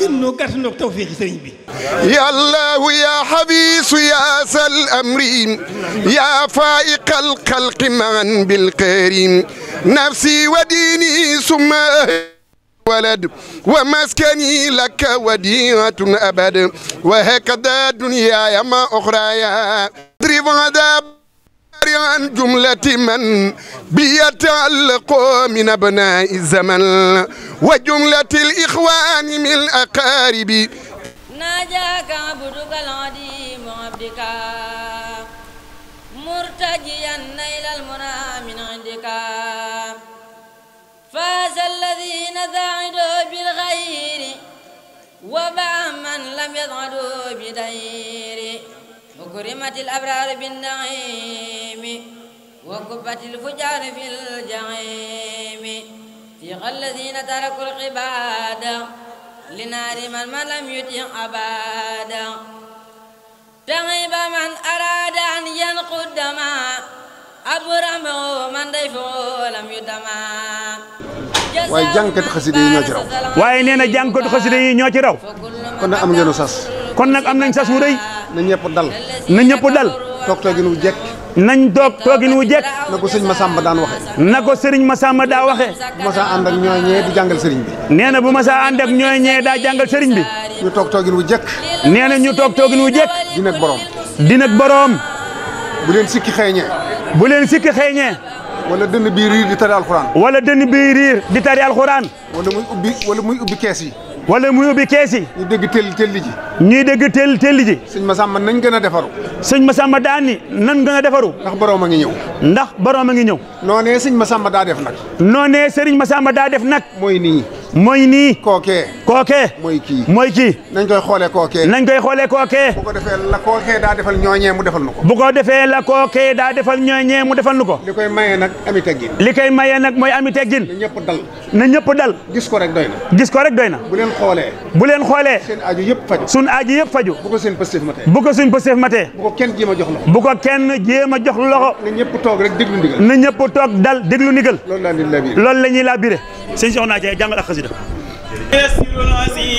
gën noo gàtt noo tawféexi sëriñ bi ya allahu ya xabiisu ya sal amri ya faayiqa alxalqi man bilkarim nafsi wa diini summa walad wa maskani laka wadiatun abad wa hakada dunyaaya ma oxraya drivan عن جملة من بيتعلق من أبناء الزمن وجملة الإخوان من أقارب ناجاك عبدك العظيم عبدك مرتجيا إلى المنى من عندك فاز الذين ذعدوا بالغير وباع من لم يذعدوا بدير وكرمت الأبرار بالنعيم وكبت الفجار في الجحيم ثق الذين تركوا العباد لنار من من لم يطع عبادا تغيب من أراد أن ينقد ما أبرمه من ضيفه لم يدما waaye jànkati xaside yi ñoo ci raw waaye nee na jànkati xaside yi ñoo ci raw kon nag am ngeen sas kon nag am nañ sas wu rëy na ñëpp dal na ñëpp dal toog toogin wu jekk nañ toog toogin wu jekk na ko sëriñ sàmba daan waxe na ko sëriñ Massamba daa waxee bu ma saa ànd ak ñooñee di jàngal sëriñ bi nee na bu ma saa ànd ak ñooñee daa jàngal sëriñ bi ñu toog toogin wu jekk nee na ñu toog toogin wu jekk di nag borom dina nag borom bu leen sikki xeeñee bu leen sikki xeeñee wala dënn bi riir di tari alxuraan wala dënn bi riir di tari alxuraan wala muy ubbi wala muy ubbi kees yi wala mu yóbbi kees yi. ñuy dégg teel teel ji. ñuy dégg teel teel ji. sëñ Masamba nañ gën a defaru. sëñ Masamba daa ni nan gën a defaru. ndax borom a ngi ñëw. ndax borom a ngi ñëw. noonee sëñ Masamba daa def nag. noonee sëriñ Masamba daa def nag. mooy nii. mooy nii. kookee. kookee. mooy kii mooy kii. nañ koy xoolee kookee. nañ koy xoolee kookee. bu ko defee la kookee daa defal ñooñee mu defal nu ko. bu ko defee la kookee daa defal ñooñee mu defal ko. li koy maye nag ami teggin. li koy maye nag mooy ami teggin. na ñëpp dal. na ñëpp dal. gis ko rek doy na. gis ko rek doy na. bu leen xoolee. bu leen xoolee. seen aaju yëpp faju. sun aaju yëpp faju. bu ko seen pësteef matee. bu ko seen pësteef matee. bu ko kenn jéem a jox loxo. bu ko kenn jéem a jox loxo. na ñëpp toog rek déglu ndigal. na ñëpp toog dal déglu ndigal. loolu la ñuy xasida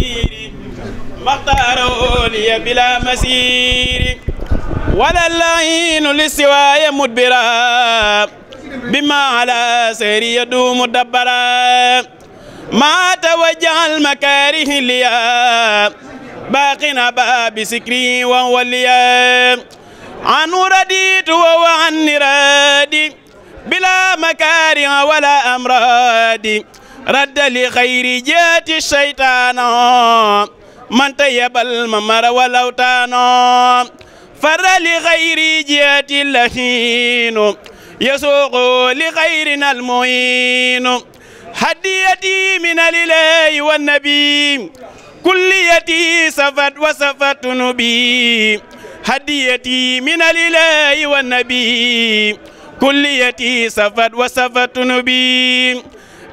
مختاروني بلا مسير ولا اللعين للسواي مدبرا بما على سير يدوم دبرا ما توجه المكاره ليا باقنا باب سكري وهو ليا عن رديت وهو عن رادي بلا مكاره ولا أمرادي radda li xayri jaati seytaano man ta yebal ma mara walawtaano farra li xayri jaati lahiinu yasuuqu li xayrin almuhiinu haddiyati min alilaahi wannabi kulliyati safat wa safat nubi haddiyati min alilaahi wannabi kulliyati safat wa safat nubi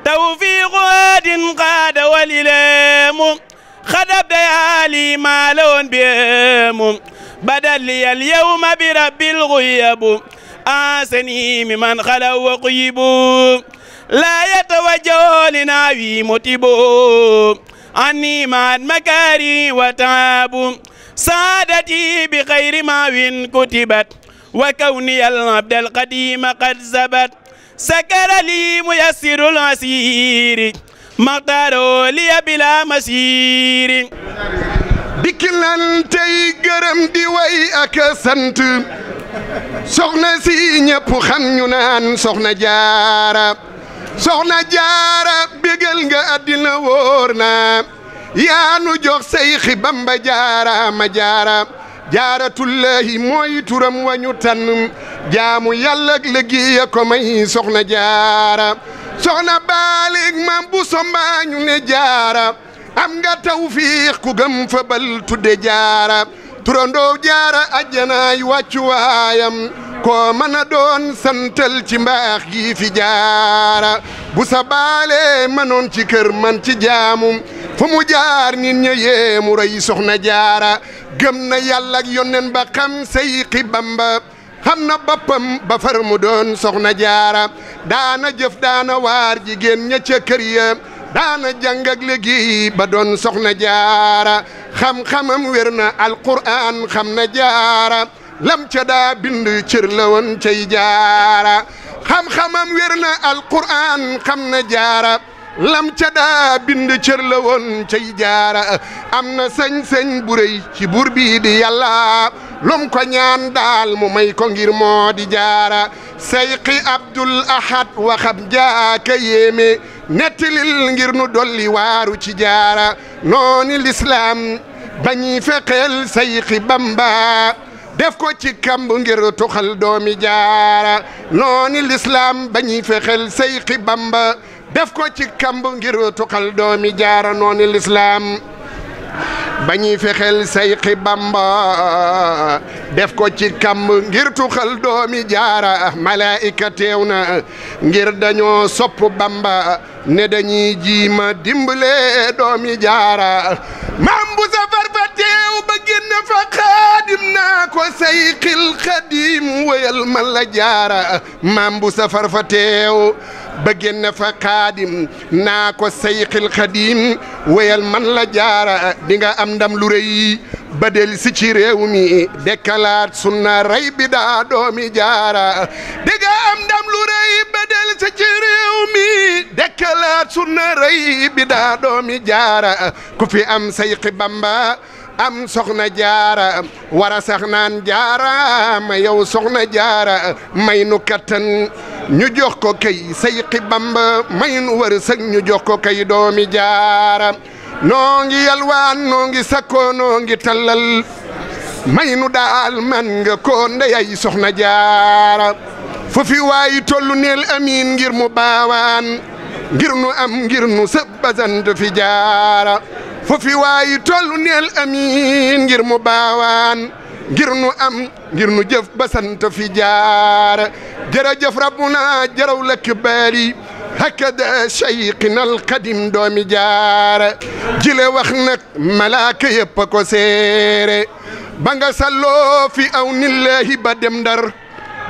توفيق هاد قاد والإلام خد بيالي ما لون بيم بدل لي اليوم برب الغيب آسني ممن خلو وقيب لا يتوجه لناوي متب عني مع مكاري وتعب سعادتي بخير ما وين كتبت وكوني العبد القديم قد زبت سكر لي ميسر العسير مختاروا لي بلا مسير dikkilantey gërëm di way ak sant soxna si ñëpp xam ñu naan soxna jaara soxna jaara bégal nga àddina wóor na yaanu jox say xibam jaara ma jaara jaaratullahi mooy turam wañu tànn jaamu yàlla ak liggéey ko may soxna jaara soxna baalik maam bu sombaa ñu ne jaara am nga tawfiix ku gëm fa bal tudde jaara turandoo jaara ajjanaay wàccu waayam koo mën a doon santal ci mbaax gi fi jaara bu sa baalee mënoon ci kër man ci jaamum fu mu jaar nit ña yéemu roy soxna jaara gëm na yàlla ak yonnen ba xam Seyxi Bamba xam na boppam ba far mu doon soxna jaara daana jëf daana waar jigéen ña ca kër ya daana jàng ak léegi ba doon soxna jaara xam-xamam wér na alquran xam na jaara lam ca daa bind cër la cay jaara xam-xamam wér na alquran xam na jaara lam ca bind cër la woon cay jaara am na sañ-sañ bu rëy ci buur bii di yàlla lum ko ñaan daal mu may ko ngir moo di jaara sayqi abdul ahad waxam jaaka yéeme nettilil ngir nu dolli waaru ci jaara nooni lislaam bañi fexeel sayqi bamba def ko ci kamb ngir tuxal doomi jaara nooni lislaam bañi fexeel sayqi bamba def ko ci kamb ngir tuqal doomi jaara nooni lislaam ba ñuy fexeel sayxi bamba def ko ci kamb ngir tuxal doomi jaara malaayika teew na ngir dañoo sopp bamba ne dañuy jiima dimbale doomi jaara maam safar fa teew ba génn fa xaadim naa ko sayxil xadim wéyal ma la jaara maam safar fa teew ba génn fa xaadim naa ko sayxil xadim wéyal man la jaara dinga am ndam lu rëy ba del si ci réew mi dekkalaat sunna rey bi daa doomi jaara di am ndam lu rëy ba si ci réew mi dekkalaat sunna rey bi daa doomi jaara ku fi am sayxi bamba am soxna jaara wara sax naan jaara ma yow soxna jaara may nu kattan ñu jox ko kay sayqi bamba may nu wërsëg ñu jox ko kay doomi jaara noo ngi yalwaan noo ngi sakkoo noo ngi tallal may nu daal man nga ko ndeyay soxna jaara fu fi waayi tollu neel amiin ngir mu baawaan ngir nu am ngir nu sëbbasant fi jaara fu fi waayi tollu neel amiin ngir mu baawaan ngir nu am ngir nu jëf ba sant fi jaar jërëjëf rabbuna jaraw la kibaari hakada cheyqina alqadim doomi jaara jile wax nag malaaka yëpp ko séere ba nga salloo fi aw nillahi ba dem ndar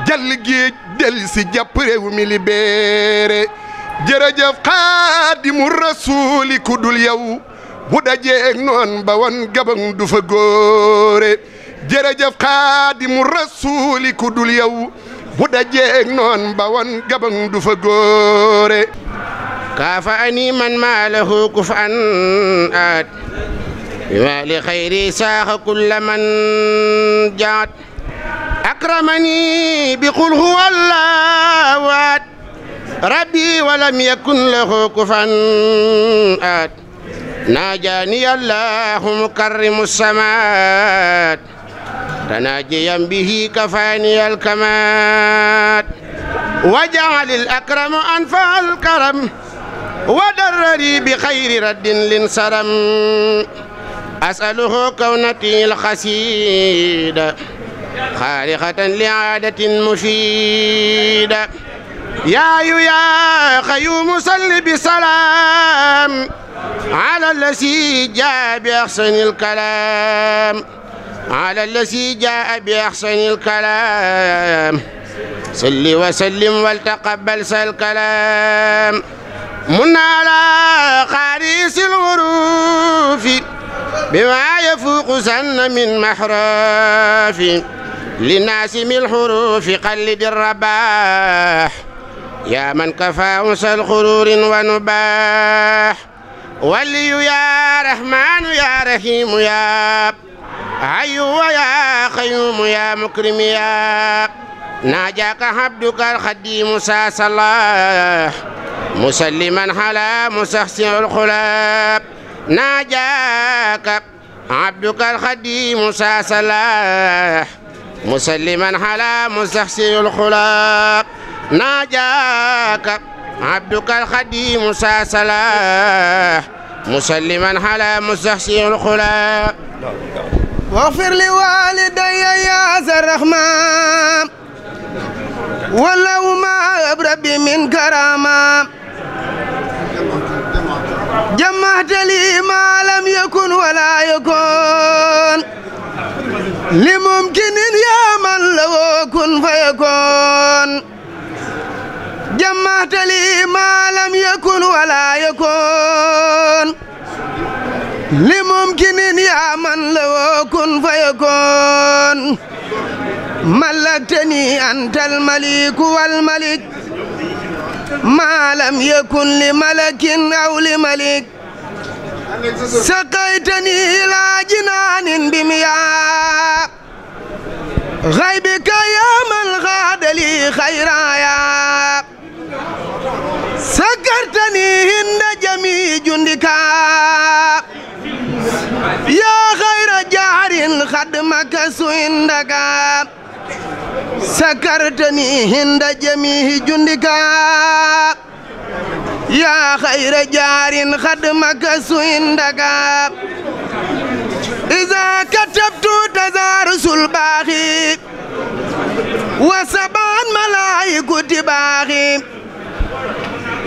jall géej del si jàpp réew mi libéré jërëjëf ku dul yow bu dajee ak noon ba wan gabang du fa góore jërëjëf xaadimu rasuuli ku dul yow bu dajee ak noon ba wan gabang du fa góore kaafa ani man maa lahu kuf an aat bima li xayri saaxa kulla man jaat akramani bi qul huwa allaahu ahad rabbi wa lam yakun lahu kufan ahad ناجاني الله مكرم السماد تناجيا به كفاني الكماد وجعل الأكرم أنفع الكرم ودرري بخير رد لانصرم أسأله كونتي الخسيدة خارقة لعادة مفيدة yaayu yaa xayuumu salli bi salaam ala lasi jaa bi axsanil kalaam ala lasi jaa bi axsanil kalaam salli wa sallim wal taqabbal sal kalaam mun ala xaarisil xuruufi bimaa yafuuqu sanna min maxraafi li naasimil xuruufi xallidi rabaax يا من كفى أنس الخرور ونباح ولي يا رحمن يا رحيم يا حي ويا قيوم يا مكرم يا ناجاك عبدك الخديم صلاح مسلما على مسحسن الخلاب ناجاك عبدك الخديم صلاح مسلما على مسحسن الخلاب ناجاك عبدك الخديم ساسلا مسلما على مستحسن الخلا واغفر لوالدي يا ذا الرحمن ولو ما بربي من كرامة جمعت لي ما لم يكن ولا يكون لممكن يا من لو كن فيكون جمعت لي ما لم يكن ولا يكون لممكن يا من لو كن فيكون ملكتني أنت الملك والملك ما لم يكن لملك أو لملك سقيتني إلى جنان بمياه غيبك يا من غاد لي خيرايا سكرتني هند جميع جندك يا خير جار خدمك سندك سكرتني هند جميع جندك يا خير جار خدمك سندك إذا كتبت تزارس الباخي وسبعا ملائكة باخي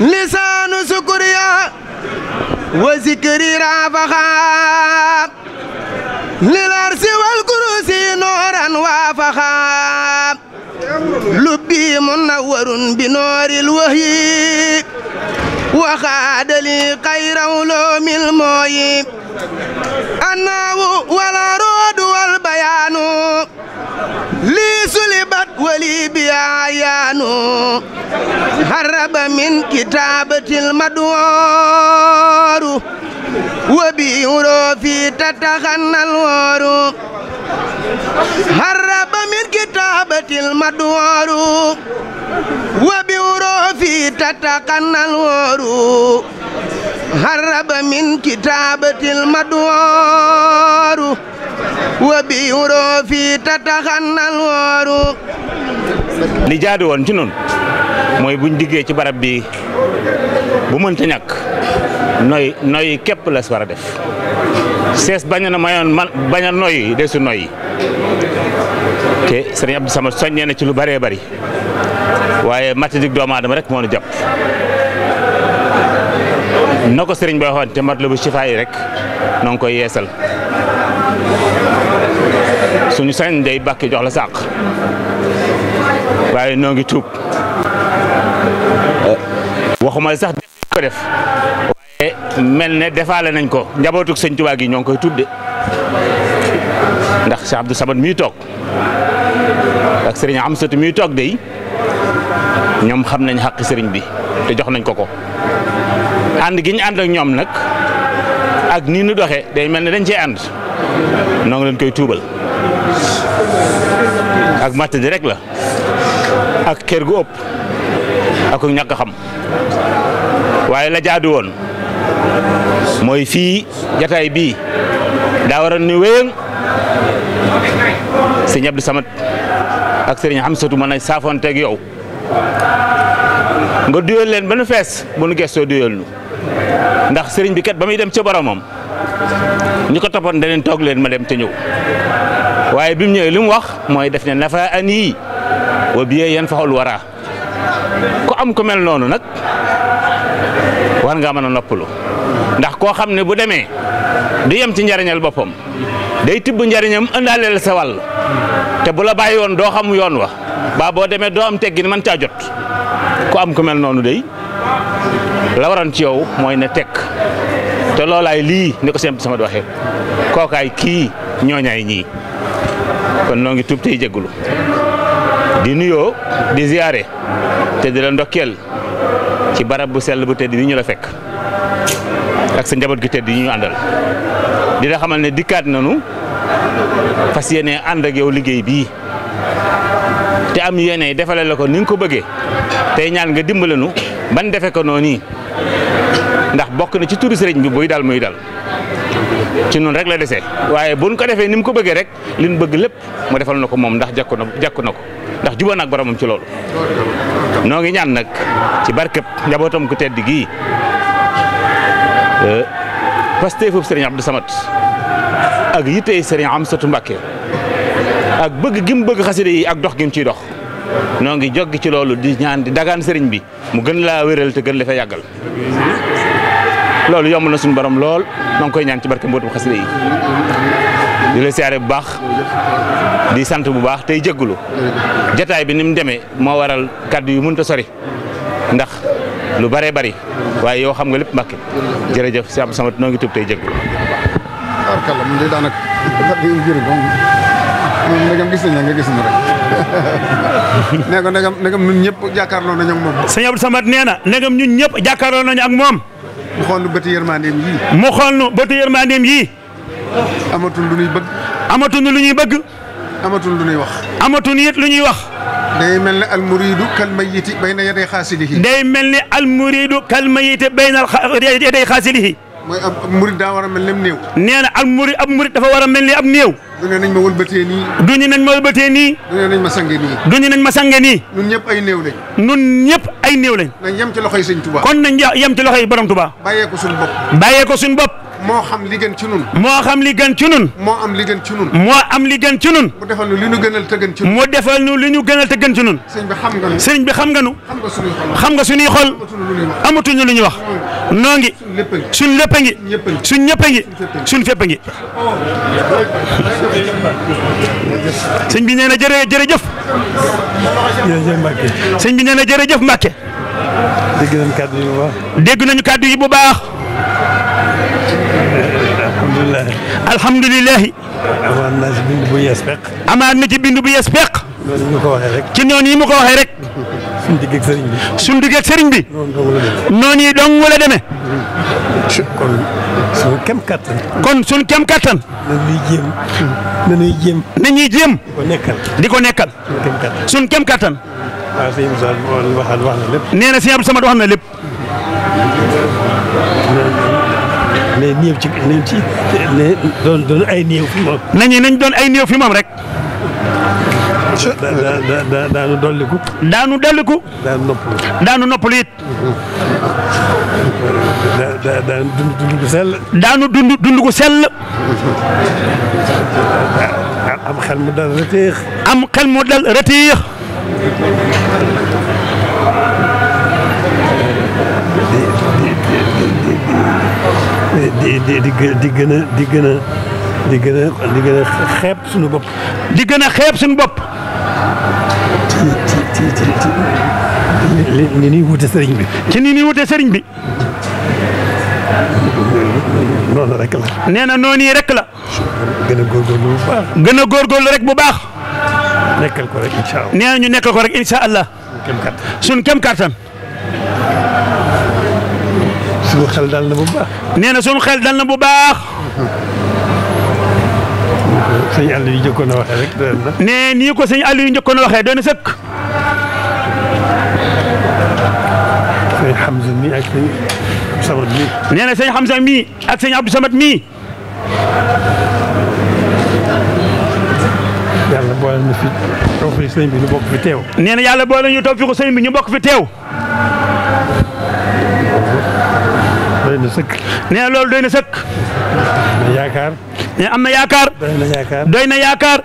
lisaanu sukuriya wa zikri rafaxa lil arsi wal kurusi nooran waafaxa lubbi munawwarun bi nooril wahyi waxaadali xayra ulumil mooyi annaawu wala roodu wal bayaanu بها يانو هرب من كتابة المدوار وبحروف تتغنى الوار هرب من كتابة المدوار وبحروف تتغنى الوار هرب من كتابة المدوار وبحروف تتغنى الوار li jaadu woon ci noonu mooy buñ diggee ci barab bi bu mënta ñàkk noy noy képp la si war a def sees bañ na mayoon man bañ a noyyi desu noyyi te sëriñ Abdou Samad soññee na ci lu bëree bari waaye matadik doomu aadama rek moo nu jàpp na ko sëriñ bay waxoon te mat la bu sifaa rek noo ngi koy yeesal suñu sañ day bàkki jox la sàq waaye noo ngi tuub waxuma sax def mel ne defaale nañ ko njabootu sëñ Tuubaa gi ñoo ngi koy tuub de ndax Cheikh Abdou Samad miy toog ak sëriñ Amsatu miy toog de ñoom xam nañ xàq sëriñ bi te jox nañ ko ko ànd gi ñu ñoom nag ak nii nu doxee day mel ne dañ cee ànd noo lañ leen koy tuubal ak mat di rek la ak kër gu ëpp ak ñàkk xam waaye la jaadu woon mooy fii jataay bii daa waroon ni wéyëng sëñ Abdou Samad ak sëriñ Xamsatu mën nañ saafoonteeg yow nga duyal leen ba nu fees bu nu gestoo duyal nu ndax sëriñ bi kat ba muy dem ca moom ñi ko toppoon daneen toog leen ma dem te ñëw waaye bi ñëwee li wax mooy def ne nafa an wa biyee yan faxul wara ku am ku mel noonu nag war ngaa mën a noppalu ndax koo xam ne bu demee du yem ci njariñal boppam day tibb njariñam ëndaaleel sa te bu la bàyyi woon doo xam yoon wa baa boo demee doo am teggin man caa jot ku am ku mel noonu day la waroon ci yow mooy ne tekk te loolaay lii ni ko sëñ sama di kookaay kii ñooñaay ñii kon noo ngi tuub tey jéggulu di nuyoo di ziyaare te di la ndokkeel ci barab bu sell bu tedd bi ñu la fekk ak sa njaboot gi tedd yi ñu àndal di la xamal ne dikkaat nanu fas yéene ànd ak yow liggéey bii te am yéene defale la ko ni nga ko bëggee tey ñaan nga dimbalanu ban defe ko noonu ndax bokk na ci turu sëriñ bi buy dal muy dal ci noonu rek la desee waaye buñ ko defee ni mu ko bëggee rek li ñu bëgg lépp mu defal na ko moom ndax jàkku na jàkku na ko ndax juba naag boromam ci loolu noo ngi ñaan nag ci barkeb njabootam ku tedd gii foofu euh, sëriñ Abdou samat ak yittey sëriñ Amsatu Mbàkke ak bëgg gi bëgg xasida yi ak dox gim mu ciy dox noo ngi joggi ci loolu di ñaan di dagaan sëriñ bi mu gën laa wéral te gën la fa yàggal loolu yomb na suñu boroom lool maa ngi koy ñaan ci barke mbootum xasida yi di la siyaare bu baax di sant bu baax tey jéggulu jataay bi ni mu demee moo waral kàddu yu mënta sori ndax lu bëree bari waaye yow xam nga lépp Mbàkke jërëjëf si am sama noo ngi tub tey jéggulu arkalla mun de daanaka ndegam gis nañ la nga gis na rek nee ko ndegam ndegam ñun ñëpp jàkkaarloo nañu ak moom sëñ nee na ndegam ñëpp jàkkaarloo nañu ak moom mu xool nu bëti yërmandeem yii. mu xool nu bëti yërmandeem yii. amatul lu ñuy bëgg. amatul lu ñuy bëgg. amatul lu ñuy wax. amatul it lu ñuy wax. day mel ne almuriidu kal mayiti bayna yaday xaasilihi. day mel ne almuriidu kal mayiti bayna yaday xaasilihi. mooy ab murid daa war a mel ne néew. nee na almurid ab murid dafa war a mel ne am néew. du ne nañ ma wëlbatee nii. du nañ ma wëlbatee nii. du nañ ma sànge nii. du ñu nañ ma sànge nii. ñun ñëpp ay néew lañ. ñun ñëpp ay néew lañ. nañ yem ci loxoy sëñ Touba. kon nañ yem ci loxoy borom Touba. bàyyee ko suñu bopp. bàyyee ko suñu bopp. moo xam li gën ci nun moo xam li gën ci nun moo am li gën ci nun moo am li gën ci nun mu defal nu li ñu gënal te gën ci nun mu defal nu li ñu gënal te gën ci nun sëriñ bi xam nga nu sëriñ bi xam nga nu xam nga suñuy xol amatuñu lu ñuy wax noo ngi suñ lépp a ngi suñ ñëpp a ngi suñ fépp a ngi sëñ bi nee na jërë jërëjëf sëñ bi nee na jërëjëf Mbacke dégg nañu kàddu yi bu baax dégg nañu kàddu yi bu baax alhamdulilahi. amaat na ci bu yees peq. na ci bind bu yees peq. yi ma ko waxee rek. ci noonu yi ma ko rek. suñu digg ak sëriñ bi. suñu digg ak sëriñ bi. noonu yi dong la demee. kon suñu kem kattan. kon suñu kem kattan. nañuy jéem. nañuy jéem. nañuy ko nekkal. di ko nekkal. wax lépp. nee na sëñ Abdou Samad wax na lépp. ne néew ci nañu nañ doon ay néew fi moom rek. da daanu dolliku. daanu dolliku. daanu noppalu. daanu noppalu it. daanu dund dund gu sell. daanu dund dund sell. am xel mu dal retiix. am xel mu dal retiix. di di di di gën a di gën a di gën a di suñu bopp. di gën a xeeb suñu bopp. ci ci ci ci ni ñuy wute sëriñ bi. ci ni ñuy wute sëriñ bi. noonu rek la. nee na noonu yi rek la. gën a góorgóorlu bu baax. gën a góorgóorlu rek bu baax. nekkal ko rek incha allah. ñu nekkal ko rek incha allah. suñu kem kàttan. sunu xel dal na bu baax. nee na sunu xel dal na bu baax. sëñ yi njëkkoon a waxee rek doy na. nee nii ko sëñ Aliou njëkkoon a waxee doy na sëkk. sëñ Hamza mii ak sëñ Abdou Samad mii. na sëñ Hamza mii ak sëñ Abdou Samad mii. yàlla boole na fi toog fi sëñ bi ñu bokk yàlla boole ñu toog fi ko sëñ bi na sëkk. nee na loolu doy na sëkk. yaakaar. nee am na yaakaar. doy na yaakaar doy na yaakaar.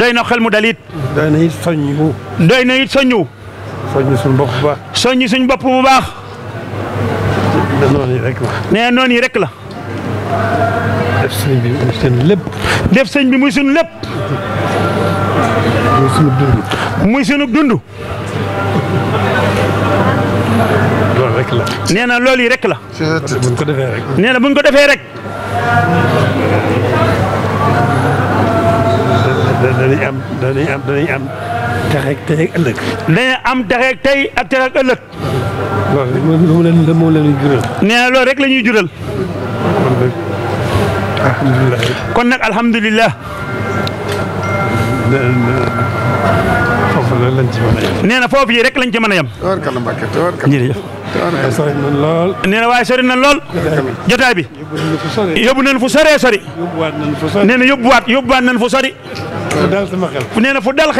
doy na xel mu dalit. doy na it soññu. doy na it soññu. soññu suñ bopp bu baax. soññu suñ bopp bu baax. noonu yi rek la. nee noonu yi rek la. def sëñ bi muy suñ lépp. def sëñ bi muy suñ lépp. muy dund. rek la. nee na lool yi rek la. buñ ko defee rek. nee na buñ ko defee rek. danañ am danañ am danañ am taxeeg tey ak ëllëg. am taxeeg tey ak tey ak rek la ñuy jural. kon nag alhamdulilah. loolu lañ ci mën a yem. nee na foofu yi rek lañ ci mën a yem. toor kàlla Mbàkke toor kàlla. jërëjëf. waaye sori na lool. nee na waaye sori na lool. jotaay bi yóbbu nañ fu soree sori. na yóbbuwaat yóbbuwaat nañ fu sori. fu dal sama xel. nee na fu dal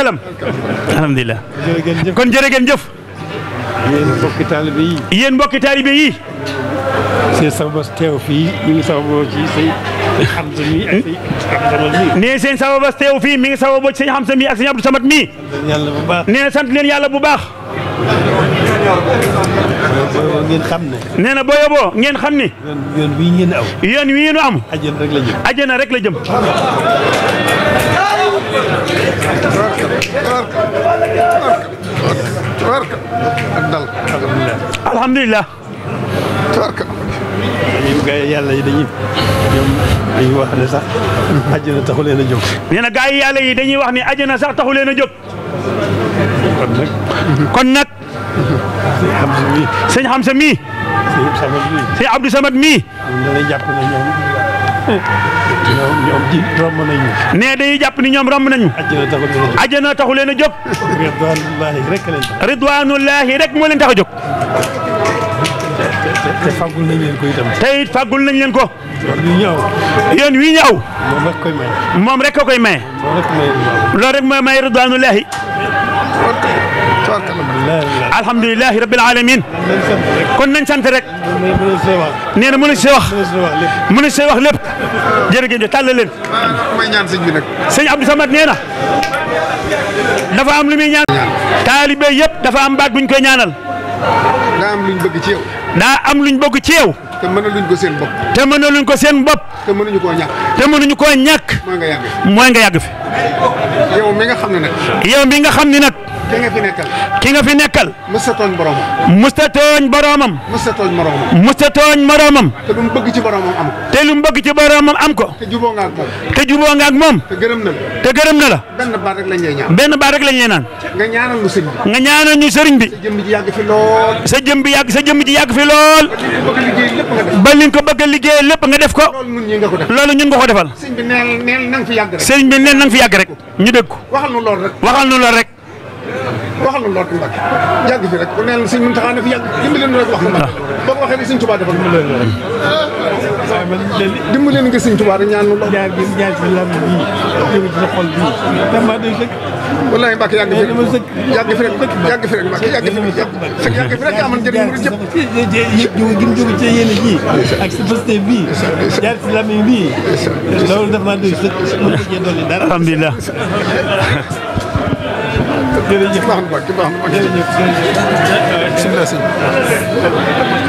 kon jërë ngeen nee seen sababas teew fii mi ngi sababoo ci sëñ Hamza mii ak sëñ Abdou Samad mii. nee sant leen yàlla bu baax. ngeen xam ne. nee na boo yóbboo ngeen xam ni. yoon wii ngeen am. yoon wii ñu am. ajjana rek la jëm. ajjana rek la jëm. alhamdulilah. alhamdulilah. ñun gars yi yàlla yi dañuy ñoom dañuy wax ne sax àjjana taxu leen a jóg. nee na gars yi yàlla yi dañuy wax ni àjjana sax taxu leen a jóg. kon nag. kon nag. sëñ Xamsa mii. sëñ Abdou Samad mii. ñoom ñoom ji romb nañu. nee dañuy jàpp ni ñoom romb nañu. àjjana taxu leen a jóg. àjjana taxu leen a jóg. ridwanullahi rek moo leen tax a jóg. te fàggul nañ leen ko itam. te it moom rek koy may. moom rek koy may. loolu rek mooy may ridwaanullaahi. alhamdulilah kon nañ sant rek. nee na mënu si wax. mënu si wax lépp. jërëjëf tàllal leen. may Samad nee na. dafa am lu muy ñaan. taalibe yëpp dafa am baat buñ koy ñaanal. daa am luñ bëgg ci yow. daa am luñ bëgg ci yow. te mën mënaluñ ko seen bopp. te mën mënaluñ ko seen bopp. te mënuñu koo ñàkk. te mënuñu koo ñàkk. mooy nga yàgg fi mooy nga yàgg fi. yow mi nga xam ne nag. yow mi nga xam ni nag. ki nga fi nekkal. ki nga fi nekkal. mësta tooñ boromam. mësta tooñ boromam. mësta tooñ moromam. mësta tooñ moromam. te lu mu bëgg ci boromam am ko. te lu mu bëgg ci boromam am ko. te juboo nga ak moom. te juboo nga ak moom. gërëm na la. te gërëm na la. benn baat rek lañ lay ñaan. benn baat rek lañ lay naan. nga ñaana ñu sëriñ bi. nga ñu sëriñ bi. sa jëmm ji yàgg fi lool. sa jëmm bi yàgg sa jëmm ji yàgg fi lool. ba li ko bëgg liggéey lépp nga def ko. loolu ñun nga ko defal. sëriñ bi neel nang fi yàgg rek. ñu dégg ko waxal nu lool rek waxal loolu di Mbàkke yàgg fi rek ku neen sëñ Muntaxa na fi yàgg dimbali leen rek wax Mbàkke boo ko waxee ne sëñ Tuubaa defal dimbali leen nga sëñ Tuubaa rek ñaan loolu ñaar gi ñaar ci lam bi ñu ci xol bi dama day sëkk wallaay Mbàkke yàgg fi yàgg fi rek yàgg fi rek Mbàkke yàgg fi rek yàgg fi rek amoon njëriñ mu jëpp gim jóg ci yéen ji ak sa fëste bi jaar ci lam bi loolu dama day sëkk alhamdulilah jërëjëf baax na baax na baax na jërëjëf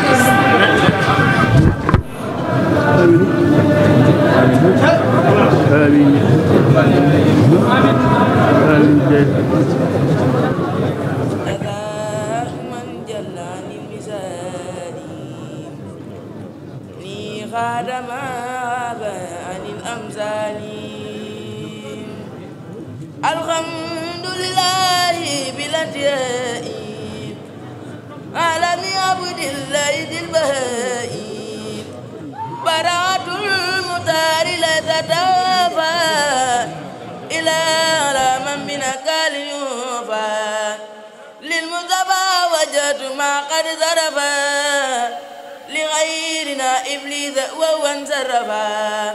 سيرنا إبليس وهو انزرفا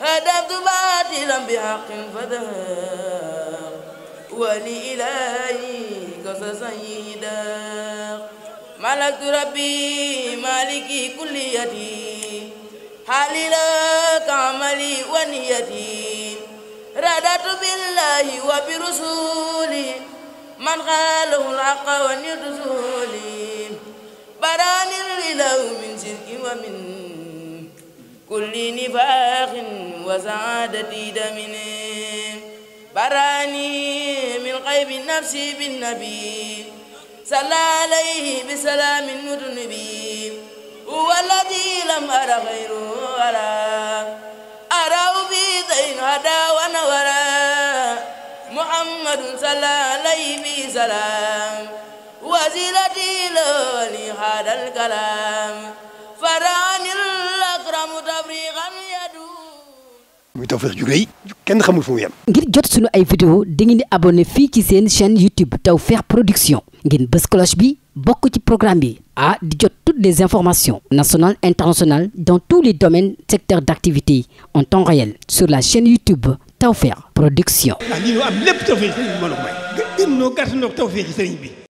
هدمت باطلا بحق فذهب ولإلهي قصص سيدا ملكت ربي مالكي كليتي حالي لك عملي ونيتي ردت بالله وبرسوله من قاله الحق ونرسوله بران الإله من شرك ومن كل نفاق وسعادة دم براني من غيب نفسي بالنبي صلى عليه بسلام مذنبي هو الذي لم أرى غيره ولا أراه في زين هدى ونورا محمد صلى عليه بسلام وزيلتي لولي هذا الكلام فرعن الأكرم تفريغا يدوم muy Tawfekh ngir jot sunu ay vidéo dangeen di abonné fii ci seen chaîne YouTube Tawfekh Production ngeen bës cloche bi bokk ci programme bi ah di jot toutes des informations national internationales dans tous les domaines secteurs d'activité en temps réel sur la chaîne YouTube Tawfekh Production. ah lii am lépp Tawfekh sëriñ bi mbooloo mooy gën gën ñoo gàtt ñoo Tawfekh sëriñ